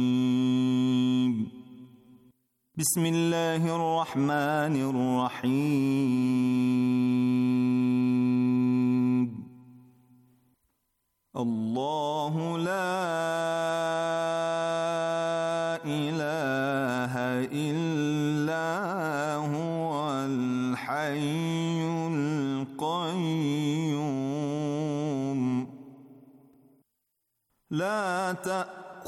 الرجيم بسم الله الرحمن الرحيم الله لا إله إلا هو الحي القيوم لا تأ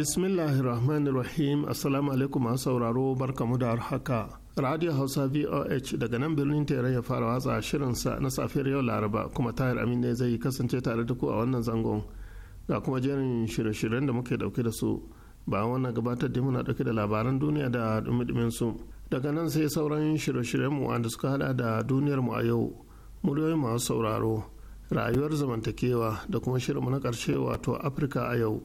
Bismillahirrahmanirrahim. rahim assalamu alaikum masu sauraro barkamu da haka radio hausa voh daga nan birnin tere ya fara watsa shirinsa na safiyar yau laraba kuma tayar amin ne zai kasance tare da ku a wannan zangon ga kuma jerin shirye-shiryen da muke dauke da su ba wannan gabatar da muna dauke da labaran duniya da dumi su daga nan sai sauran shirye-shiryen mu wanda suka hada da duniyar mu a yau muryoyin masu sauraro rayuwar zamantakewa da kuma shirinmu na karshe wato afirka a yau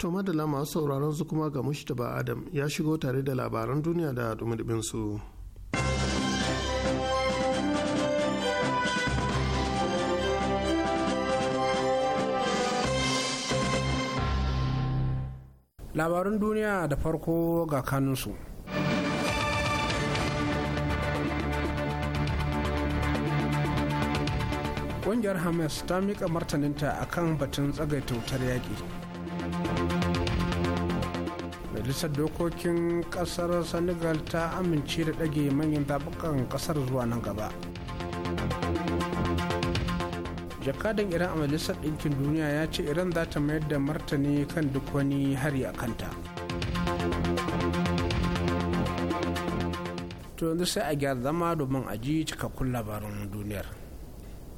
To madala masu sauraron su kuma ga ba Adam ya shigo tare da labaran duniya da dumi su. Labaran duniya da farko ga kanunsu. Ƙungiyar Hamas ta mika martaninta a kan batun tsagaita wutar yaƙi. majalisar dokokin kasar senegal ta amince da ɗage manyan zaɓukan kasar zuwa nan gaba jakadan iran a majalisar ɗinkin duniya ya ce iran za ta mayar da martani kan duk wani hari a kanta to yanzu sai a gyara zama domin a ji cikakkun labarin duniyar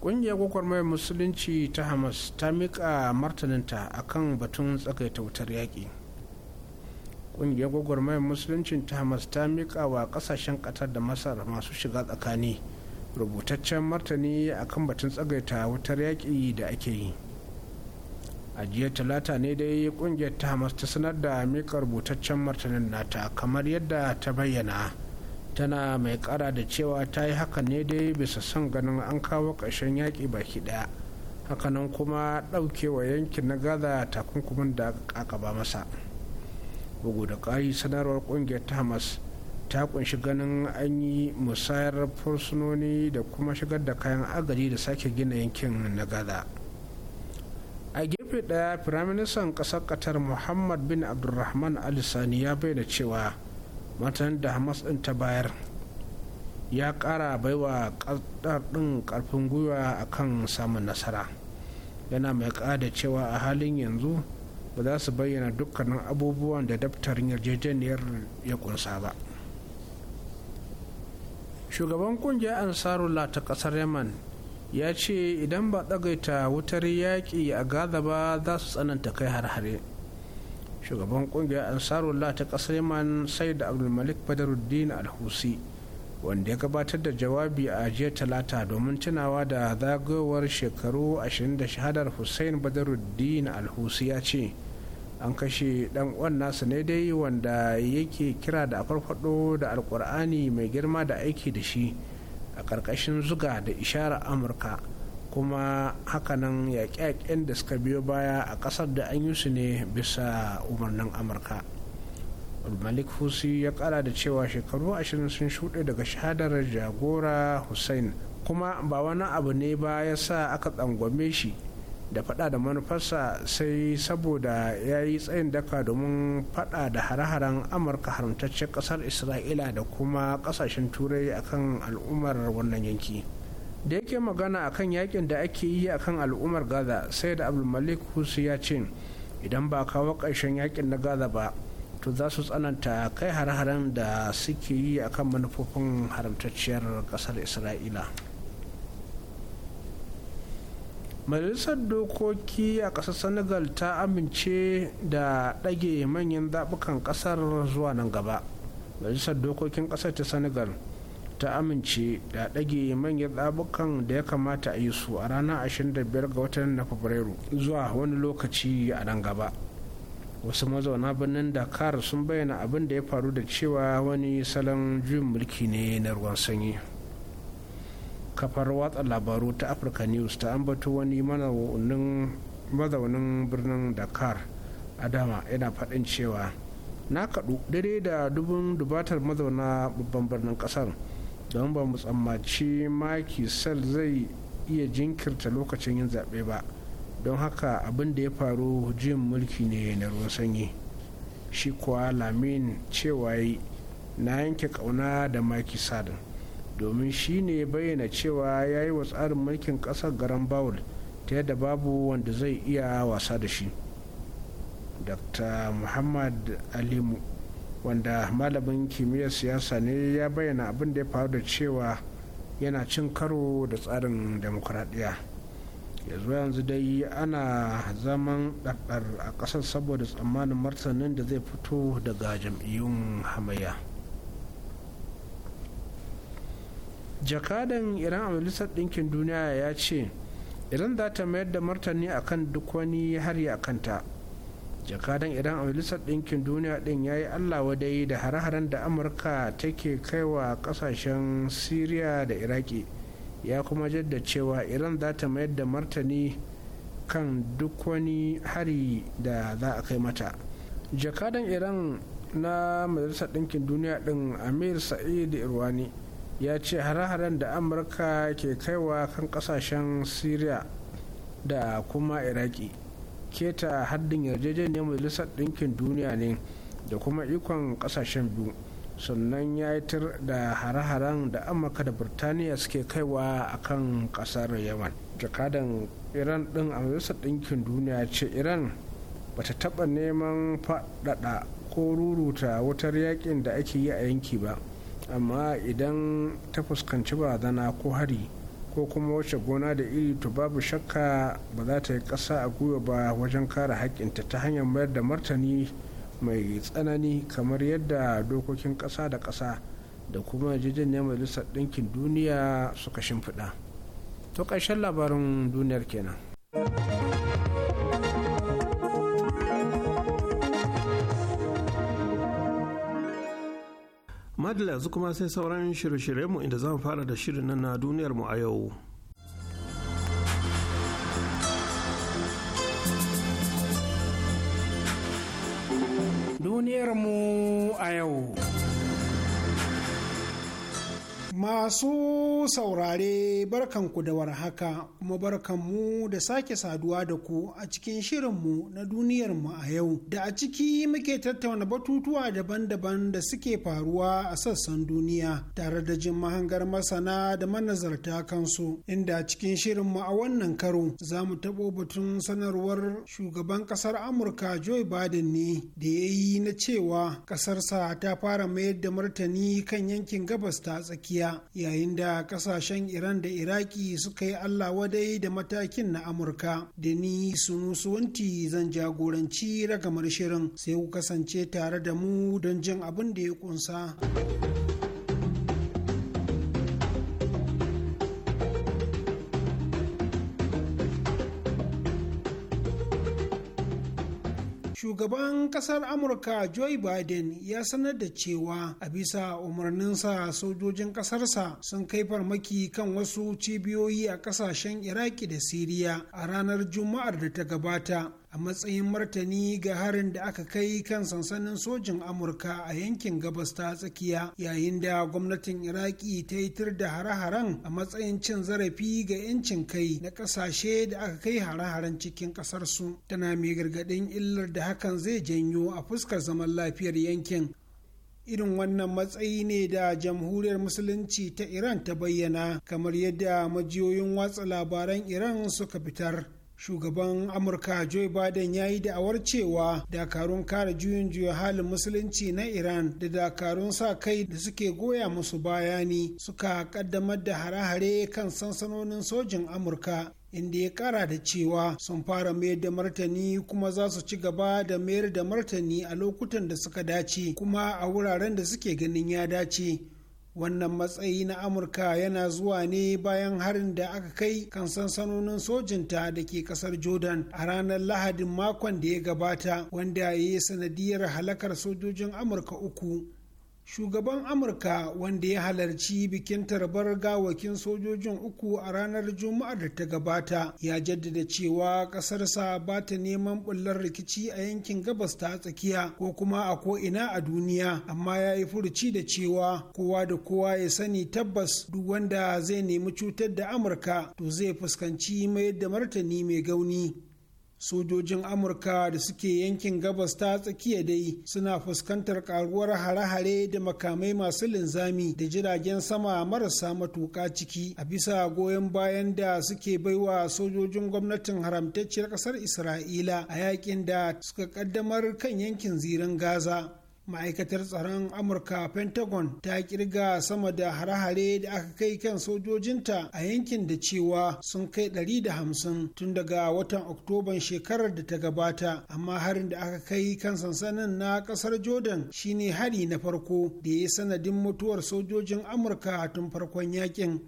ƙungiyar mai musulunci ta hamas ta miƙa martaninta akan batun tsakaita wutar yaƙi ƙungiyar gwagwarmayar musuluncin ta hamas ta miƙa wa ƙasashen ƙatar da masar masu shiga tsakani rubutaccen martani a kan batun tsagaita wutar yaƙi da ake yi a jiya talata ne dai ƙungiyar ta hamas ta sanar da mika rubutaccen martanin nata kamar yadda ta bayyana tana mai kara da cewa ta yi hakan ne dai bisa son ganin an kawo ƙarshen yaƙi baki ɗaya hakanan kuma ɗaukewa yankin na gaza takunkumin da aka ba masa. bugu da ƙari sanarwar ƙungiyar ta hamas ta kunshi ganin an yi musayar fursunoni da kuma shigar da kayan agaji da sake gina yankin na gaza a gefe daya firaministan ƙasar qatar muhammad bin abdulrahman alisani ya bayyana cewa matan da hamas ɗin ta bayar ya ƙara baiwa ƙasar ɗin ƙarfin gwiwa akan samun nasara yana mai ƙada cewa a halin yanzu ba za su bayyana dukkanin abubuwan da daftarin yarjejeniyar ya kunsa ba shugaban kungiyar ansarullah ta kasar yaman ya ce idan ba tsagaita wutar yaƙi a gaza ba za su tsananta kai har-hare shugaban kungiyar ansarullah ta kasar yaman sai da abdulmalik badaruddin alhusi wanda ya gabatar da jawabi a jiya talata domin tunawa da zagayowar shekaru 20 da shahadar hussein badaruddin alhusi ya ce an kashe dan uwan nasa ne dai wanda yake kira da farfado da alkur'ani mai girma da aiki da shi a ƙarƙashin zuga da ishara amurka kuma hakanan yaƙe-yaƙen da suka biyo baya a ƙasar da an yi su ne bisa umarnin amurka malik husi ya ƙara da cewa shekaru ashirin sun shuɗe daga shahadar jagora hussein kuma ba wani abu ne ba ya sa aka tsangwame shi da faɗa da manufarsa sai saboda ya yi tsayin daka domin faɗa da hare-haren amurka haramtaccen ƙasar isra'ila da kuma ƙasashen turai akan al'ummar wannan yanki da yake magana akan yakin da ake yi akan al'ummar gaza sai da malik husu ya ce idan ba kawo ƙarshen yakin na gaza ba to za su tsananta kai hare-haren da suke yi akan manufofin haramtacciyar ƙasar isra'ila majalisar dokoki a ƙasar senegal ta amince da ɗage manyan zaɓukan ƙasar zuwa nan gaba majalisar dokokin ƙasar ta senegal ta amince da ɗage manyan zaɓukan da ya kamata a yi su a ranar 25 ga watan na fabrairu zuwa wani lokaci a nan gaba wasu mazauna birnin dakar sun bayyana abin da ya faru da cewa wani salon juyin mulki ne na ruwan sanyi kafar watsa labaru ta africa news ta ambato wani mazaunin birnin dakar adama yana faɗin cewa na kaɗu dare da dubun dubatar mazauna babban birnin ƙasar don ba mu tsammaci maki sel zai iya jinkirta lokacin yin zaɓe ba don haka abin da ya faru jin mulki ne na ruwan sanyi shi kuwa lamin cewa na yanke ƙauna da maki sadin domin shi ne bayyana cewa ya yi wa tsarin mulkin ƙasar garan bawul ta yadda babu wanda zai iya wasa da shi dr muhammad alimu wanda malamin kimiyyar siyasa ne ya bayyana abin da ya faru da cewa yana cin karo da tsarin demokuraɗiyya yanzu yanzu dai ana zaman ɗaɗɗar a ƙasar saboda tsammanin martanin da zai fito daga jam'iyyun hamayya. jakadan iran a majalisar ɗinkin duniya ya ce iran za ta mayar da martani akan duk wani hari a kanta jakadan iran a majalisar ɗinkin duniya ɗin ya yi allah wadai da hare-haren da amurka take kaiwa ƙasashen syria da iraki ya kuma jadda cewa iran za ta mayar da martani kan duk wani hari da za a kai mata jakadan iran na majalisar ɗinkin duniya ɗin amir sa'id irwani ya ce hare-haren da amurka ke kaiwa kan kasashen syria da kuma iraki keta haddin yarjejeniyar majalisar ɗinkin duniya ne da kuma ikon kasashen biyu sannan ya yi tir da hare-haren da amurka da birtaniya suke kaiwa a kan kasar yaman jakadan iran din a majalisar ɗinkin duniya ce iran bata taɓa neman faɗaɗa ko ruruta wutar yakin da ake yi a yanki ba amma idan ta fuskanci barazana ko hari ko kuma wacce gona da iri to babu shakka ba za ta yi ƙasa a gwiwa ba wajen kare haƙƙinta ta hanyar mayar da martani mai tsanani kamar yadda dokokin ƙasa da ƙasa da kuma yarjejeniyar majalisar ɗinkin duniya suka shimfiɗa to ƙarshen labarin duniyar kenan. madalla yanzu kuma sai sauran shirye-shiryenmu inda zamu fara da shirin nan na duniyarmu a yau. mu a yau. Masu saurare barkan ku da warhaka kuma barkanmu da sake saduwa da ku a cikin shirinmu na duniyar mu a yau da a ciki muke tattauna batutuwa daban-daban da suke faruwa a sassan duniya tare da jin mahangar masana da manazarta kansu inda a cikin shirinmu a wannan karo za mu taɓo batun sanarwar shugaban ƙasar Amurka Joe Biden ne da ya yi na cewa ƙasarsa ta fara mayar da martani kan yankin gabas ta tsakiya. yayin da kasashen iran da iraki suka yi allah wadai da matakin na amurka da ni sunusuwanti zan jagoranci ragamar shirin sai ku kasance tare da mu don jin abin da ya kunsa. shugaban kasar amurka joe biden ya sanar da cewa a bisa umarninsa sojojin kasarsa sun kai farmaki kan wasu cibiyoyi a kasashen iraki da siriya a ranar juma'ar da ta gabata a matsayin martani ga harin da aka kai kan sansanin sojin amurka a yankin gabas ta tsakiya yayin da gwamnatin iraki ta yi tir da hare-haren a matsayin cin zarafi ga 'yancin kai na kasashe da aka kai hare-haren cikin kasarsu tana mai gargadin illar da hakan zai janyo a fuskar zaman lafiyar yankin irin wannan matsayi ne da jamhuriyar musulunci ta iran ta bayyana kamar yadda majiyoyin watsa labaran iran suka fitar shugaban amurka joe biden ya yi da'awar cewa dakarun kare juyin juya halin musulunci na iran da dakarun sa kai da suke goya musu bayani suka kaddamar da hare-hare kan sansanonin sojin amurka inda ya kara da cewa sun fara mayar da martani kuma za su ci gaba da mayar da martani a lokutan da suka dace kuma a wuraren da suke ganin ya dace wannan matsayi na amurka yana zuwa ne bayan harin da aka kai kan sansanonin sojinta da ke kasar jordan a ranar lahadin makon da ya gabata wanda ya yi sanadiyar halakar sojojin amurka uku shugaban amurka wanda ya halarci bikin tarbar gawakin sojojin uku a ranar juma'ar da ta gabata ya jaddada cewa ƙasarsa ba ta neman bullar rikici a yankin gabas ta tsakiya ko kuma a ko'ina a duniya amma ya yi furuci da cewa kowa da kowa ya sani tabbas duk wanda zai nemi cutar da amurka to zai fuskanci mayar da martani mai gauni sojojin amurka da suke yankin gabas ta tsakiya dai suna fuskantar karuwar hare-hare da makamai masu linzami da jiragen sama marasa matuƙa ciki a bisa goyon bayan da suke baiwa sojojin gwamnatin haramtacciyar ƙasar isra'ila a yakin da suka ƙaddamar kan yankin zirin gaza ma'aikatar tsaron amurka pentagon ta kirga sama da hare-hare da aka kai kan sojojinta a yankin da cewa sun kai 150 tun daga watan oktoban shekarar da ta gabata amma harin da aka kai kan sansanin na kasar jordan shine hari na farko da ya sanadin mutuwar sojojin amurka tun farkon yakin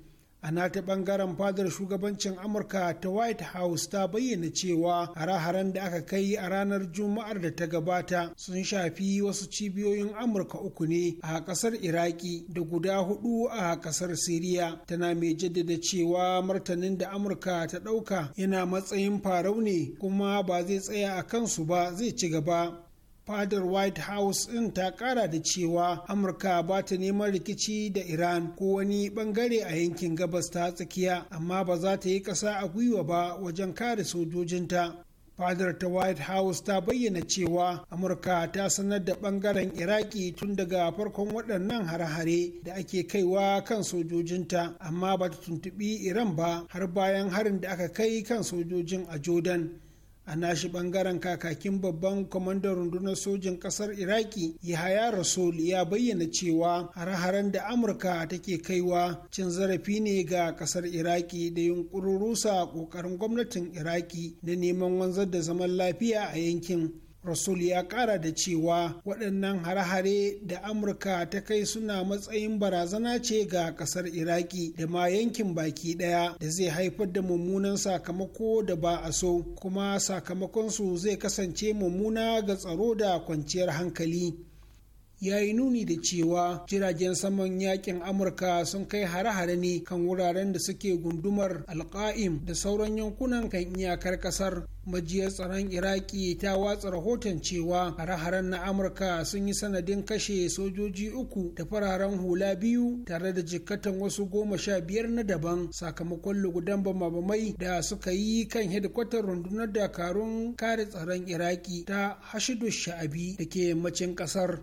a nata bangaren fadar shugabancin amurka ta white house ta bayyana cewa hare-haren da aka kai a ranar juma'ar da ta gabata sun shafi wasu cibiyoyin amurka uku ne a kasar iraki da guda hudu a kasar siriya tana mai jaddada cewa martanin da amurka ta ɗauka yana matsayin farau ne kuma ba zai tsaya a kansu ba zai ci gaba fadar white house ɗin ta ƙara da cewa amurka ba ta neman rikici da iran ko wani bangare a yankin gabas ta tsakiya amma ba za ta yi ƙasa a gwiwa ba wajen kare sojojinta fadar ta white house ta bayyana cewa amurka ta sanar da bangaren iraki tun daga farkon waɗannan hare hare da ake kaiwa kan sojojinta amma ba ta tuntuɓi iran ba har bayan harin da aka kai kan sojojin a jordan a nashi bangaren kakakin babban kwamandan rundunar sojin kasar iraki yahaya rasul ya bayyana cewa hare-haren da amurka take kaiwa cin zarafi ne ga kasar iraki da yunkurin rusa kokarin gwamnatin iraki da neman wanzar da zaman lafiya a yankin rasul ya kara da cewa waɗannan hare-hare da amurka ta kai suna matsayin barazana ce ga ƙasar iraki da ma yankin baki ɗaya da zai haifar da mummunan sakamako da ba a so kuma sakamakonsu zai kasance mummuna ga tsaro da kwanciyar hankali ya yi nuni da cewa jiragen saman yakin amurka sun kai hare-hare ne kan wuraren da suke gundumar alka'im da sauran yankunan kan iyakar kasar majiyar tsaron iraki ta watsa rahoton cewa hare-haren na amurka sun yi sanadin kashe sojoji uku da fararen hula biyu tare da jikkatan wasu goma sha biyar na daban sakamakon lugudan bamabamai da suka yi kan hedikwatar rundunar dakarun kare tsaron iraki ta hashidu sha'abi da ke yammacin kasar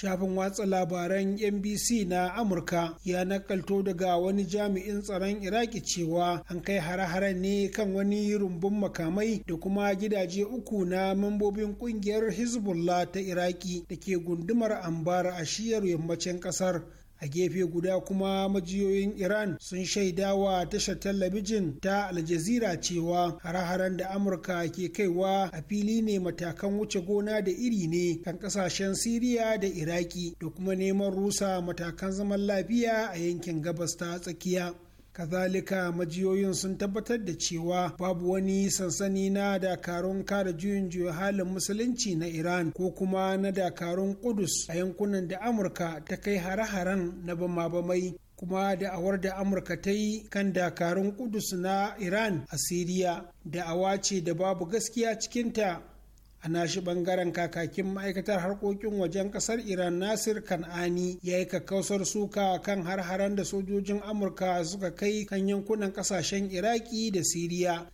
shafin watsa labaran nbc na amurka ya nakalto daga wani jami'in tsaron iraki cewa an kai hare-hare ne kan wani rumbun makamai da kuma gidaje uku na mambobin kungiyar hezbollah ta iraki da ke gundumar ambar a shiyar yammacin kasar a gefe guda kuma majiyoyin iran sun shaida wa tashar talabijin ta aljazira cewa har-haren da amurka ke kaiwa a fili ne matakan wuce gona da iri ne kan kasashen siriya da iraki da kuma neman rusa matakan zaman lafiya a yankin gabas ta tsakiya kazalika majiyoyin sun tabbatar da cewa babu wani sansani na dakarun kare juyin juya halin musulunci na iran ko kuma na dakarun kudus a yankunan da amurka ta kai hare-haren na bama-bamai kuma da'awar da amurka ta yi kan dakarun kudus na iran a siriya da'awa ce da babu gaskiya cikinta a nashi bangaren kakakin ma'aikatar harkokin wajen kasar iran nasir kan'ani ya yi kakkausar suka kan har da sojojin amurka suka kai kan yankunan kasashen iraki da siriya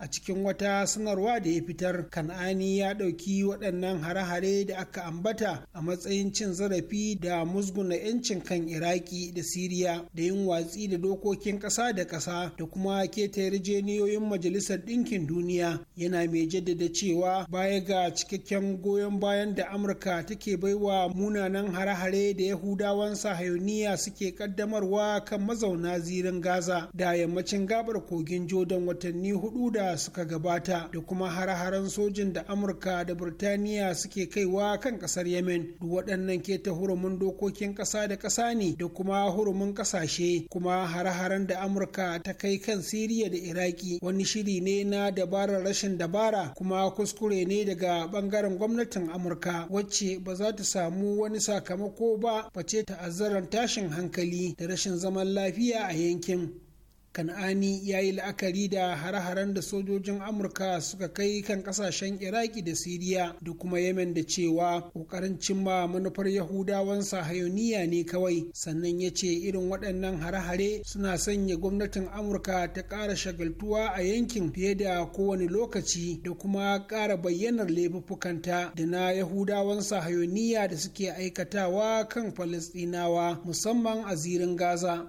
a cikin wata sanarwa da ya fitar kan'ani ya ɗauki waɗannan hare-hare da aka ambata a matsayin cin zarafi da musguna 'yancin kan iraki da siriya da yin watsi da dokokin ƙasa da ƙasa da kuma keta majalisar ɗinkin duniya yana mai jaddada cewa baya ga cikakken goyon bayan da amurka take baiwa munanan hare-hare da yahudawan sahayoniya suke ƙaddamarwa kan mazauna zirin gaza da yammacin gabar kogin jordan watanni hudu da suka gabata da kuma har-haren sojin da amurka da birtaniya suke kaiwa kan kasar yemen duk waɗannan ke ta hurumin dokokin ƙasa da ƙasa ne da kuma hurumin ƙasashe kuma har-haren da amurka ta kai kan siriya da iraki wani shiri ne na dabarar rashin dabara kuma kuskure ne daga ɓangaren gwamnatin amurka wacce ba za ta samu wani sakamako ba face ta'azzarar tashin hankali da rashin zaman lafiya a yankin kan'ani ya yi la'akari da hare-haren da sojojin amurka suka kai kan kasashen iraki da siriya da kuma yemen da cewa ƙoƙarin cimma manufar yahudawan sahayoniya ne kawai sannan ya ce irin waɗannan hare-hare suna sanya gwamnatin amurka ta ƙara shagaltuwa a yankin fiye da kowane lokaci da kuma ƙara bayyanar laifuffukanta da na yahudawan sahayoniya da suke aikatawa kan falastinawa musamman a zirin gaza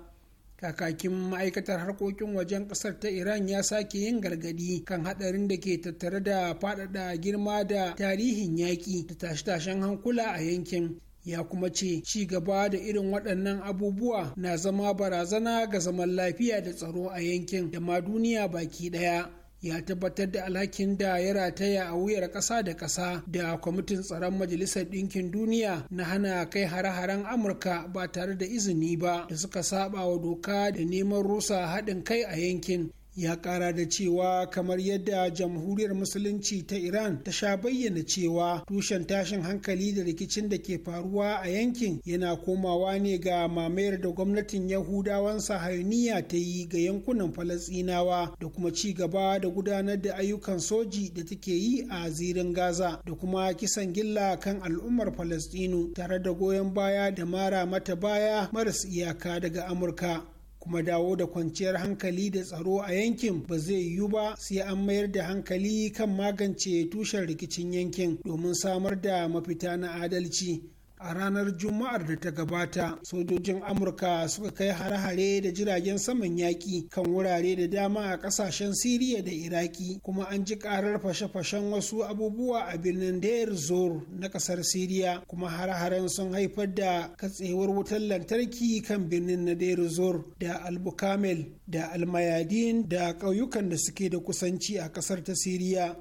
kakakin ma'aikatar harkokin wajen ƙasar ta iran ya sake yin gargadi kan hadarin da ke tattare da faɗaɗa girma da tarihin yaƙi da tashe-tashen hankula a yankin ya kuma ce ci gaba da irin waɗannan abubuwa na zama barazana ga zaman lafiya da tsaro a yankin da ma duniya baki ɗaya ya tabbatar da alhakin da ya rataya a wuyar ƙasa da ƙasa da kwamitin tsaron majalisar ɗinkin duniya na hana kai hare-haren amurka ba tare da izini ba da suka saba wa doka da neman rusa haɗin kai a yankin ya kara da cewa kamar yadda jamhuriyar musulunci ta iran ta sha bayyana cewa tushen tashin hankali da rikicin da ke faruwa a yankin yana komawa ne ga mamayar da gwamnatin yahudawan sahayuniya ta yi ga yankunan falasinawa da kuma ci gaba da gudanar da ayyukan soji da take yi a zirin gaza da kuma kisan gilla kan al'ummar falastinu tare da goyon baya da mara mata baya maras iyaka daga amurka kuma dawo da kwanciyar hankali da tsaro a yankin ba zai yiwu ba sai an mayar da hankali kan magance tushen rikicin yankin domin samar da mafita na adalci a ranar juma'ar da ta gabata sojojin amurka suka kai hare-hare da jiragen saman yaƙi kan wurare da dama a ƙasashen siriya da iraki kuma an ji ƙarar fashe-fashen wasu abubuwa a birnin deir zor na ƙasar siriya kuma hare-haren sun haifar da katsewar wutar lantarki kan birnin na deir zor da albukamel da almayadin da ƙauyukan da suke da kusanci a ƙasar ta siriya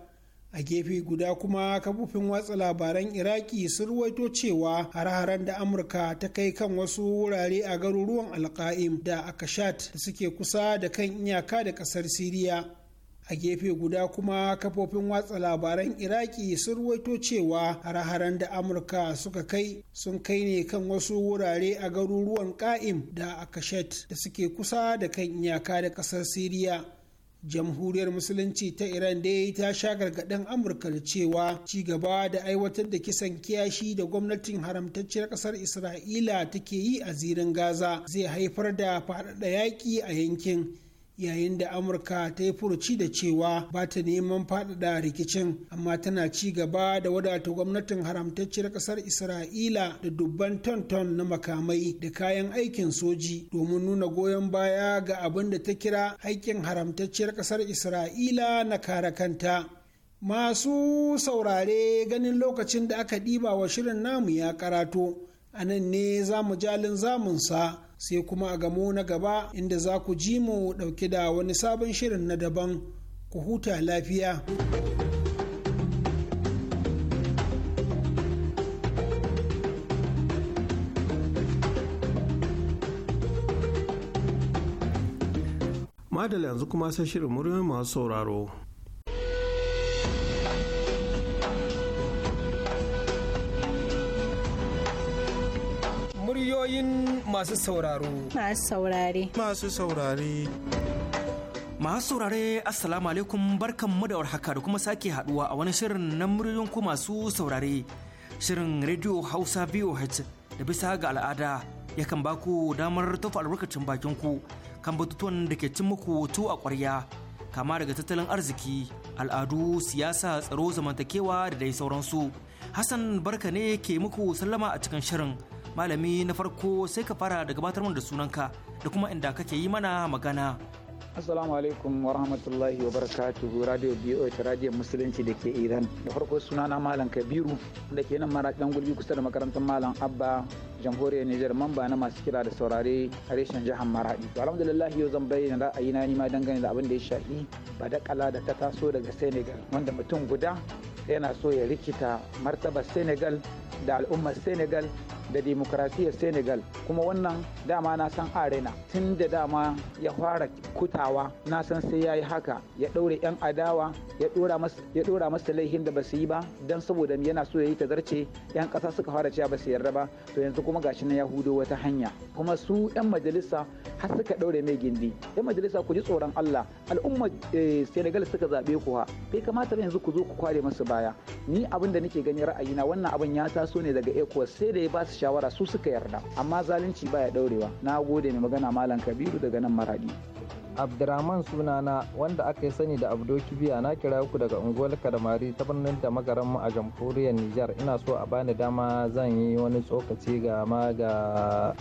a gefe guda kuma kafofin watsa labaran iraki sun ruwaito cewa har-haren da amurka ta kai kan wasu wurare a garuruwan alka'im da akashat da suke kusa da kan iyaka da kasar siriya a gefe guda kuma kafofin watsa labaran iraki sun ruwaito cewa har-haren da amurka suka kai sun kai ne kan wasu wurare a garuruwan ka'im da akashat da suke kusa da kan iyaka da kasar siriya jamhuriyar musulunci ta iran dai ta sha gargaɗin amurka da cewa cigaba da aiwatar da kisan kiyashi da gwamnatin haramtacciyar ƙasar isra'ila take yi a zirin gaza zai haifar da faɗaɗa yaƙi a yankin yayin da amurka ta yi furuci da cewa ba ta neman faɗaɗa rikicin amma tana ci gaba da wadata gwamnatin haramtacciyar ƙasar isra'ila da dubban tonton na makamai da kayan aikin soji domin nuna goyon baya ga abin da ta kira haƙƙin haramtacciyar ƙasar isra'ila na kare kanta masu saurare ganin lokacin da aka ɗiba wa shirin namu ya karato a nan ne zamu jalin zamunsa sai kuma a gamo na gaba inda za ku ji mu ɗauke da wani sabon shirin na daban ku huta lafiya. madala yanzu kuma sai shirin muryoyin masu sauraro Muryoyin masu sauraro. Masu saurare. Masu saurare. Masu saurare Assalamu alaikum barkanmu da warhaka da kuma sake haduwa a wani shirin na muryoyin ku masu saurare. Shirin Radio Hausa VOH da bisa ga al'ada yakan ku damar tofa albarkacin bakin ku kan batutuwan da ke cin muku tu a ƙwarya kama daga tattalin arziki, al'adu, siyasa, tsaro, zamantakewa da dai sauransu. Hassan barka ne ke muku sallama a cikin shirin. malami na farko sai ka fara da gabatar mana da sunanka da kuma inda kake yi mana magana Assalamu alaikum wa rahmatullahi wa barakatuhu Radio BO ta Radio Musulunci da ke Iran. Da farko sunana Malam Kabiru da ke nan maraƙin gulbi kusa da makarantar Malam Abba jamhuriyar Nijar mamba na masu kira da saurare a reshen jihar Maradi. To alhamdulillah yau zan bayyana ra'ayina ni ma dangane da abin da ya shafi badakala da ta taso daga Senegal wanda mutum guda yana so ya rikita martabar Senegal da al'ummar Senegal da demokrasiyar senegal kuma wannan dama na san arena tun da dama ya fara kutawa na san sai ya yi haka ya ɗaure 'yan adawa ya ɗora masa laihin da ba su yi ba don saboda yana so ya yi tazarce 'yan ƙasa suka fara cewa ba su yarda ba to yanzu kuma gashi na ya hudo wata hanya kuma su 'yan majalisa har suka ɗaure mai gindi yan majalisa ku ji tsoron Allah al'ummar eh, Senegal suka zaɓe ku ha bai kamata ba yanzu ku zo ku kware masu baya ni abin da nake gani ra'ayina wannan abin ya taso ne daga ECOWAS sai da ya ba su shawara su suka yarda amma zalunci baya ɗaurewa na gode mai magana malam Kabiru daga nan Maradi abdurrahman sunana wanda aka yi sani da abdo kibiya na kira ku daga unguwar kadamari ta birnin da magaran a jamhuriyar nijar ina so a bani dama zan yi wani tsokaci ga ma ga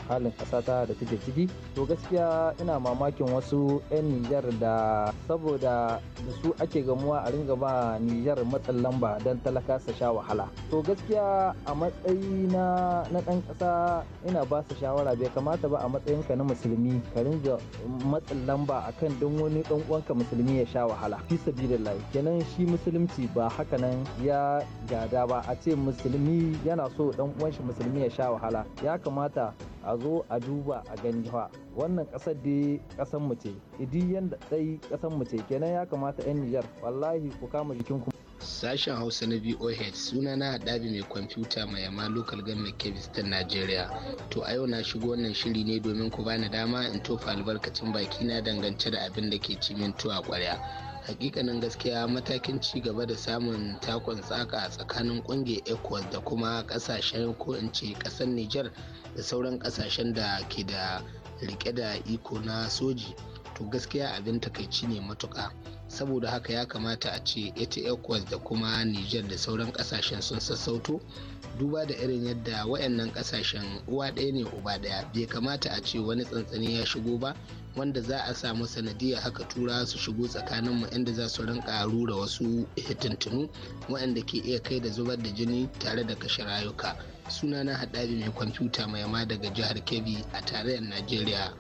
halin ƙasata da take ciki to gaskiya ina mamakin wasu 'yan nijar da saboda da su ake gamuwa a ringa ba nijar matsin lamba don talaka su sha wahala to gaskiya a matsayi na na ɗan ƙasa ina ba su shawara bai kamata ba a matsayinka na musulmi ka ringa matsin lamba akan don wani dan uwanka musulmi ya sha wahala fi sabilillahi kenan shi musulunci ba haka nan ya gada ba a ce musulmi yana so dan uwan shi musulmi ya sha wahala ya kamata a zo a duba a gani fa wannan kasar da kasan mu ce idi yanda dai kasan mu ce kenan ya kamata yan Nijar wallahi ku kama jikin ku Sashen Hausa na VOH suna na haɗabi mai kwamfuta mai yamma local government Kevistan nigeria To a yau na shigo wannan shiri ne domin ku bani dama in tofa albarkacin baki na dangance da abin da ke cimin tuwa ƙwarya. hakikanin gaskiya matakin ci gaba da samun takon tsaka a tsakanin kungiyar ecuador da kuma kasashen ko in ce kasar niger da sauran kasashen da ke da rike da iko na soji to gaskiya abin takaici ne matuka saboda haka ya kamata a ce ita ecowas da kuma niger da sauran kasashen sun sassauto duba da irin yadda wayannan kasashen uwa ɗaya ne uba ɗaya bai kamata a ce wani tsantsani ya shigo ba wanda za a samu sanadiyar haka tura su shigo tsakanin mu inda za su rinka rura wasu hitintunu wayanda ke iya kai da zubar da jini tare da kashe rayuka sunana haɗari mai kwamfuta mai ma daga jihar kebbi a tarayyar najeriya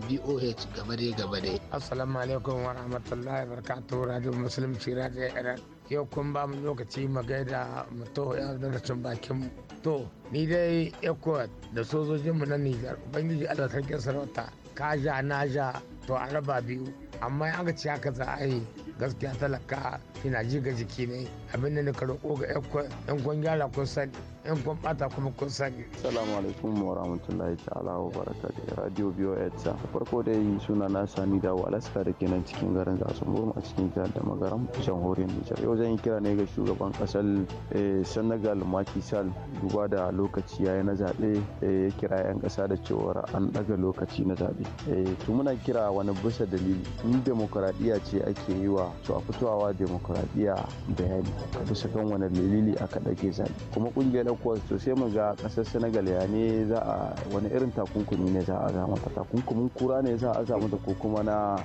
boh gaba dai gaba dai assalamu alaikum wa rahmatullahi barkatu radio musulunci radio iran yau kun ba mu lokaci mu gaida mu to ya zarafin bakin mu to ni dai ecuador da sojojinmu na nijar ubangiji allah sarkin sarauta ka ja na ja to a raba biyu amma in aka ci haka za a yi gaskiya talaka ina ji ga jiki ne abinda na ka roƙo ga yan kwan gyara kun sani in kun bata kuma kun sani. Salamu alaikum wa rahmatullahi ta'ala wa barakatuh. Radio BOA ta farko dai suna na sani da wa alaska da ke nan cikin garin Zatsun a cikin jihar da magaram jamhuriyar Nijar. Yau zan yi kira ne ga shugaban kasar eh, Senegal Macky Sall duba da lokaci yi na zaɓe eh, ya kira 'yan ƙasa da cewar an ɗaga lokaci na zaɓe. Eh, to muna kira wani bisa dalili in demokuraɗiyya ce ake yi wa to a fitowa demokuraɗiyya bayani bisa kan wani dalili aka ɗage zaɓe. Kuma ƙungiyar ecowas to sai mu ga kasar senegal ya ne za a wani irin takunkumi ne za a zama ta takunkumin kura ne za a zama ko kuma na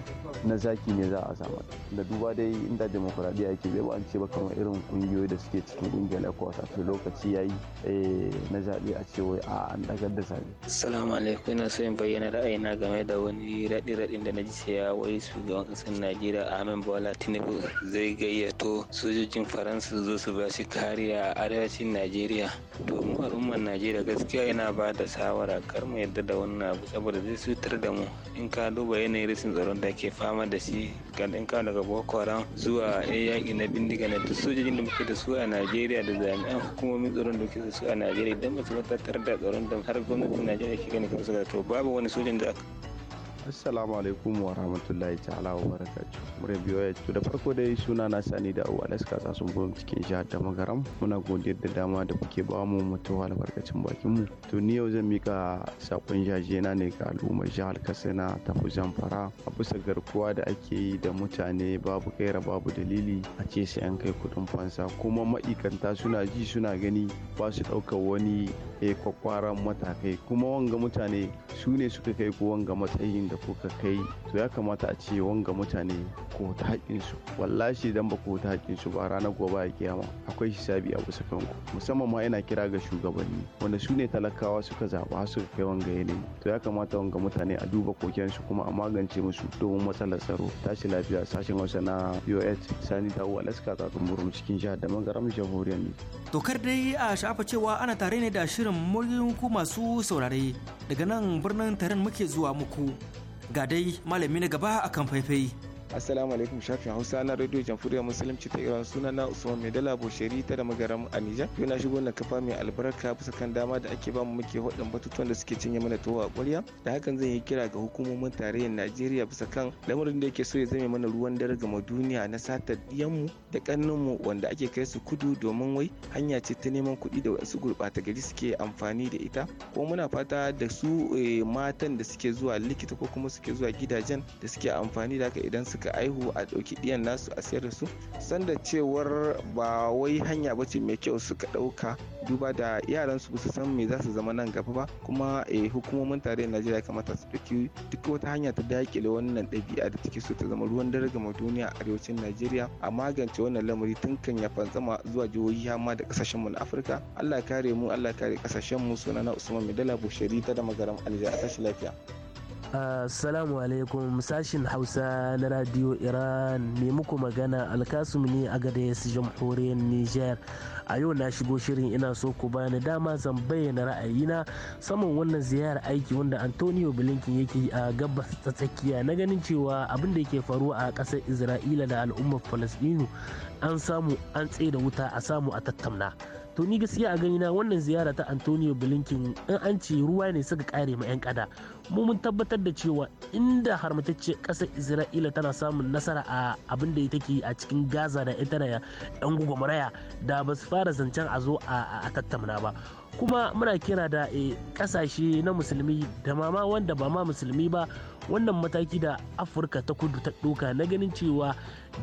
na zaki ne za a zama da duba dai inda demokuraɗiyya yake bai ba an ce ba kamar irin kungiyoyi da suke cikin kungiyar ecowas a ce lokaci yayi eh, na zaɓe a ce wai a an dagar da zaɓe. salamu alaikum ina so in bayyana ra'ayina game da wani raɗi-raɗin da na ji cewa wai shugaban ƙasar najeriya ahmed bola tinubu zai gayyato sojojin faransa su zo su ba shi kariya a arewacin najeriya to mu al'ummar najeriya gaskiya yana ba da shawara kar mu yadda da wannan abu saboda zai cutar da mu in ka duba yanayin rashin tsaron da ke fama da shi in ka daga boko haram zuwa yan yaƙi na bindiga na duk sojojin da muke da su a najeriya da jami'an hukumomin tsaron da muke da su a najeriya idan ba su da tsaron da har gwamnatin najeriya ke gani kan to babu wani sojan da assalamu alaikum wa rahmatullahi ta'ala wa barakatu murai biyo ya da farko dai suna na sani da awa alaska sasun cikin jihar da magaram muna godiya da dama da kuke ba mu mutuwa albarkacin bakin mu to ni yau zan mika sakon jajena ne ga al'ummar jihar katsina ta fi fara a bisa garkuwa da ake yi da mutane babu kaira babu dalili a ce sai kai kudin fansa kuma ma'aikanta suna ji suna gani ba su ɗaukar wani eh, kwakwaran matakai kuma wanga mutane su ne suka kai kuwan wanga matsayin da ka ka kai to ya kamata a ce wanga mutane ko ta haƙin su wallahi dan ba ko ta haƙin su ba ranar gobe a kiyama akwai hisabi a bisa kanku musamman ma yana kira ga shugabanni wanda su ne talakawa suka zaba su kai wanga yanayi to ya kamata wanga mutane a duba koken su kuma a magance musu domin matsalar tsaro tashi lafiya sashen hausa na us sani dawo alaska kakan cikin jihar da magaram jamhuriyar ne kar dai a shafa cewa ana tare ne da shirin muryin masu saurare daga nan birnin taron muke zuwa muku ga dai malami na gaba akan faifai. assalamu alaikum shafin hausa na radio jamhuriyar musulunci ta iran suna na usman mai dala bosheri ta da magaram anija nijar yau na shigo na kafa mai albarka bisa kan dama da ake bamu muke hudun batutuwan da suke cinye mana tuwo a ƙwarya da hakan zan yi kira ga hukumomin tarayyar najeriya bisa kan lamarin da yake so ya zame mana ruwan dare ma duniya na satar diyanmu da ƙannunmu wanda ake kai su kudu domin wai hanya ce ta neman kuɗi da wasu gurɓata gari suke amfani da ita ko muna fata da su eh, matan da suke zuwa likita ko kuma suke zuwa gidajen da suke amfani da haka idan su suka aihu a ɗauki ɗiyan nasu a sayar da su sanda cewar ba wai hanya ba ce mai kyau suka ɗauka duba da yaran su su san me za su zama nan gaba ba kuma eh, hukumomin tarayyar najeriya kamata su ɗauki duk wata hanya ta dakile wannan ɗabi'a da take so ta zama ruwan dare ga duniya a arewacin najeriya a magance wannan lamari tun kan ya fantsama zuwa jihohi hama da kasashen mu na afirka allah kare mu allah kare kasashen mu sunana usman mai dala bushari ta da magaram alja a tashi lafiya Assalamu alaikum sashin Hausa na Radio Iran ne muku magana alkasum ne a gadayas jamhuriyar Nijar. A yau na shigo shirin ina so ku bani dama zan bayyana ra'ayina saman wannan ziyarar aiki wanda Antonio Blinken yake a gabas ta tsakiya na ganin cewa abin da yake faruwa a ƙasar Isra'ila da al'ummar Falasɗinu an samu an tsaye da wuta a samu a tattauna to ni gaskiya a gani na wannan ziyara ta antonio blinken in an ce ruwa ne suka kare ma 'yan kada mu mun tabbatar da cewa inda mutacce ƙasar isra'ila tana samun nasara a abin da take a cikin gaza da ita da yan da ba su fara zancen a zo a tattauna ba kuma muna kira da kasashe eh, na musulmi da mama wanda ba ma musulmi ba wannan mataki da afirka ta kudu ta doka na ganin cewa